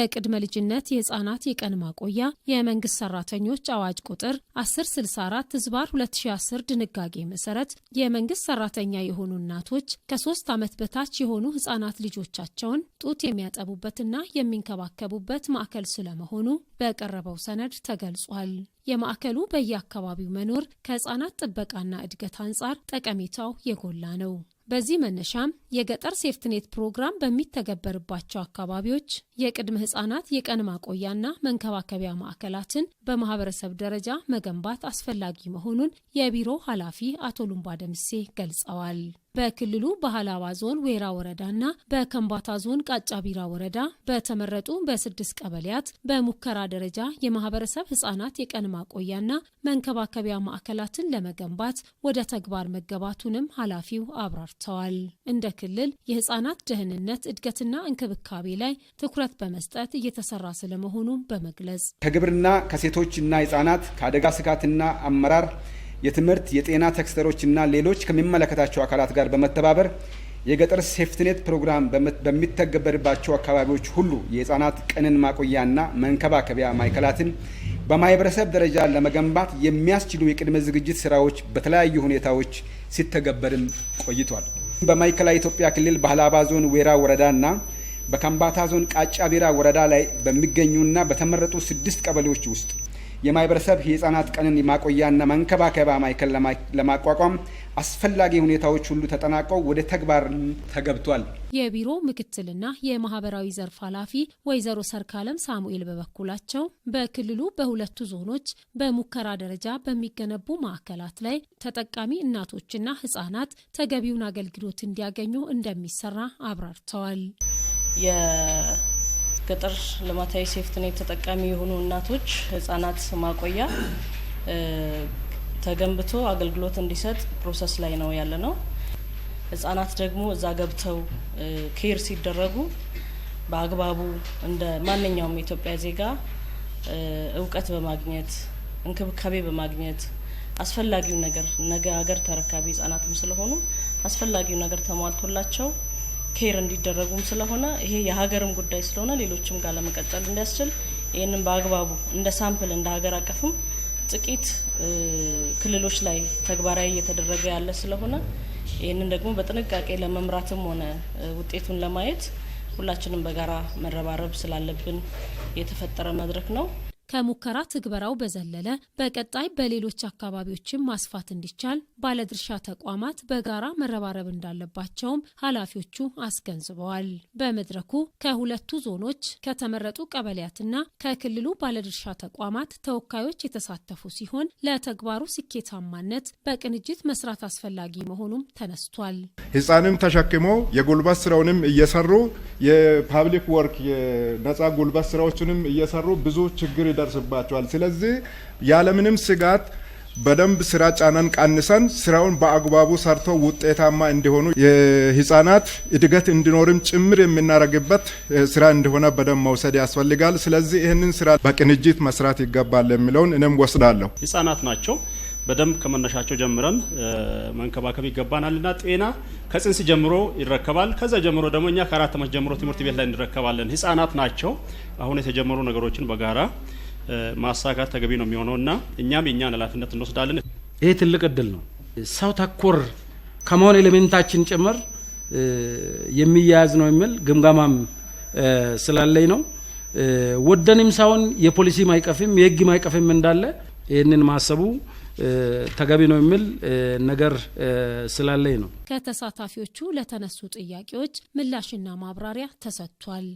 የቅድመ ልጅነት የህፃናት የቀን ማቆያ የመንግስት ሰራተኞች አዋጅ ቁጥር 1064 ህዝባር 2010 ድንጋጌ መሰረት የመንግስት ሰራተኛ የሆኑ እናቶች ከሶስት ዓመት በታች የሆኑ ህፃናት ልጆቻቸውን ጡት የሚያጠቡበትና የሚንከባከቡበት ማዕከል ስለመሆኑ በቀረበው ሰነድ ተገልጿል። የማዕከሉ በየአካባቢው መኖር ከህፃናት ጥበቃና እድገት አንጻር ጠቀሜታው የጎላ ነው። በዚህ መነሻም የገጠር ሴፍትኔት ፕሮግራም በሚተገበርባቸው አካባቢዎች የቅድመ ህጻናት የቀን ማቆያና መንከባከቢያ ማዕከላትን በማህበረሰብ ደረጃ መገንባት አስፈላጊ መሆኑን የቢሮ ኃላፊ አቶ ሉምባ ደምሴ ገልጸዋል። በክልሉ ባህላዋ ዞን ወይራ ወረዳና በከምባታ ዞን ቃጫ ቢራ ወረዳ በተመረጡ በስድስት ቀበሌያት በሙከራ ደረጃ የማህበረሰብ ህጻናት የቀን ማቆያና መንከባከቢያ ማዕከላትን ለመገንባት ወደ ተግባር መገባቱንም ኃላፊው አብራርተዋል። እንደ ክልል የህጻናት ደህንነት እድገትና እንክብካቤ ላይ ትኩረት በመስጠት እየተሰራ ስለመሆኑም በመግለጽ ከግብርና ከሴቶችና ህጻናት ከአደጋ ስጋትና አመራር የትምህርት፣ የጤና ተክስተሮችና ሌሎች ከሚመለከታቸው አካላት ጋር በመተባበር የገጠር ሴፍትኔት ፕሮግራም በሚተገበርባቸው አካባቢዎች ሁሉ የህፃናት ቀንን ማቆያና መንከባከቢያ ማዕከላትን በማህበረሰብ ደረጃ ለመገንባት የሚያስችሉ የቅድመ ዝግጅት ስራዎች በተለያዩ ሁኔታዎች ሲተገበርም ቆይቷል። በማዕከላዊ ኢትዮጵያ ክልል በሀላባ ዞን ዌራ ወረዳና በከምባታ ዞን ቃጫ ቢራ ወረዳ ላይ በሚገኙና በተመረጡ ስድስት ቀበሌዎች ውስጥ የማህበረሰብ የህፃናት ቀንን ማቆያና መንከባከባ ማዕከል ለማቋቋም አስፈላጊ ሁኔታዎች ሁሉ ተጠናቀው ወደ ተግባር ተገብቷል። የቢሮ ምክትልና የማህበራዊ ዘርፍ ኃላፊ ወይዘሮ ሰርካለም ሳሙኤል በበኩላቸው በክልሉ በሁለቱ ዞኖች በሙከራ ደረጃ በሚገነቡ ማዕከላት ላይ ተጠቃሚ እናቶችና ህጻናት ተገቢውን አገልግሎት እንዲያገኙ እንደሚሰራ አብራርተዋል። ገጠር ልማታዊ ሴፍትኔት ተጠቃሚ የሆኑ እናቶች ህጻናት ማቆያ ተገንብቶ አገልግሎት እንዲሰጥ ፕሮሰስ ላይ ነው ያለ ነው። ህጻናት ደግሞ እዛ ገብተው ኬር ሲደረጉ በአግባቡ እንደ ማንኛውም የኢትዮጵያ ዜጋ እውቀት በማግኘት እንክብካቤ በማግኘት አስፈላጊው ነገር ነገ ሀገር ተረካቢ ህጻናትም ስለሆኑ አስፈላጊው ነገር ተሟልቶላቸው ኬር እንዲደረጉም ስለሆነ ይሄ የሀገርም ጉዳይ ስለሆነ ሌሎችም ጋር ለመቀጠል እንዲያስችል ይህንን በአግባቡ እንደ ሳምፕል እንደ ሀገር አቀፍም ጥቂት ክልሎች ላይ ተግባራዊ እየተደረገ ያለ ስለሆነ ይህንን ደግሞ በጥንቃቄ ለመምራትም ሆነ ውጤቱን ለማየት ሁላችንም በጋራ መረባረብ ስላለብን የተፈጠረ መድረክ ነው። ከሙከራ ትግበራው በዘለለ በቀጣይ በሌሎች አካባቢዎችም ማስፋት እንዲቻል ባለድርሻ ተቋማት በጋራ መረባረብ እንዳለባቸውም ኃላፊዎቹ አስገንዝበዋል። በመድረኩ ከሁለቱ ዞኖች ከተመረጡ ቀበሌያትና ከክልሉ ባለድርሻ ተቋማት ተወካዮች የተሳተፉ ሲሆን ለተግባሩ ስኬታማነት በቅንጅት መስራት አስፈላጊ መሆኑም ተነስቷል። ሕፃንም ተሸክሞ የጉልበት ስራውንም እየሰሩ የፓብሊክ ወርክ የነፃ ጉልበት ስራዎችንም እየሰሩ ብዙ ችግር ይደርስባቸዋል። ስለዚህ ያለምንም ስጋት በደንብ ስራ ጫናን ቀንሰን ስራውን በአግባቡ ሰርቶ ውጤታማ እንዲሆኑ የህፃናት እድገት እንዲኖርም ጭምር የምናደርግበት ስራ እንደሆነ በደንብ መውሰድ ያስፈልጋል። ስለዚህ ይህንን ስራ በቅንጅት መስራት ይገባል የሚለውን እኔም ወስዳለሁ። ህጻናት ናቸው በደንብ ከመነሻቸው ጀምረን መንከባከብ ይገባናልና ጤና ከጽንስ ጀምሮ ይረከባል። ከዛ ጀምሮ ደግሞ እኛ ከአራት ዓመት ጀምሮ ትምህርት ቤት ላይ እንረከባለን። ህጻናት ናቸው። አሁን የተጀመሩ ነገሮችን በጋራ ማሳካት ተገቢ ነው የሚሆነው እና እኛም የእኛን ኃላፊነት እንወስዳለን። ይህ ትልቅ እድል ነው። ሰው ተኮር ከመሆን ኤሌሜንታችን ጭምር የሚያያዝ ነው የሚል ግምገማም ስላለኝ ነው። ወደንም ሳይሆን የፖሊሲ ማይቀፍም የህግ ማይቀፍም እንዳለ ይህንን ማሰቡ ተገቢ ነው የሚል ነገር ስላለኝ ነው። ከተሳታፊዎቹ ለተነሱ ጥያቄዎች ምላሽና ማብራሪያ ተሰጥቷል።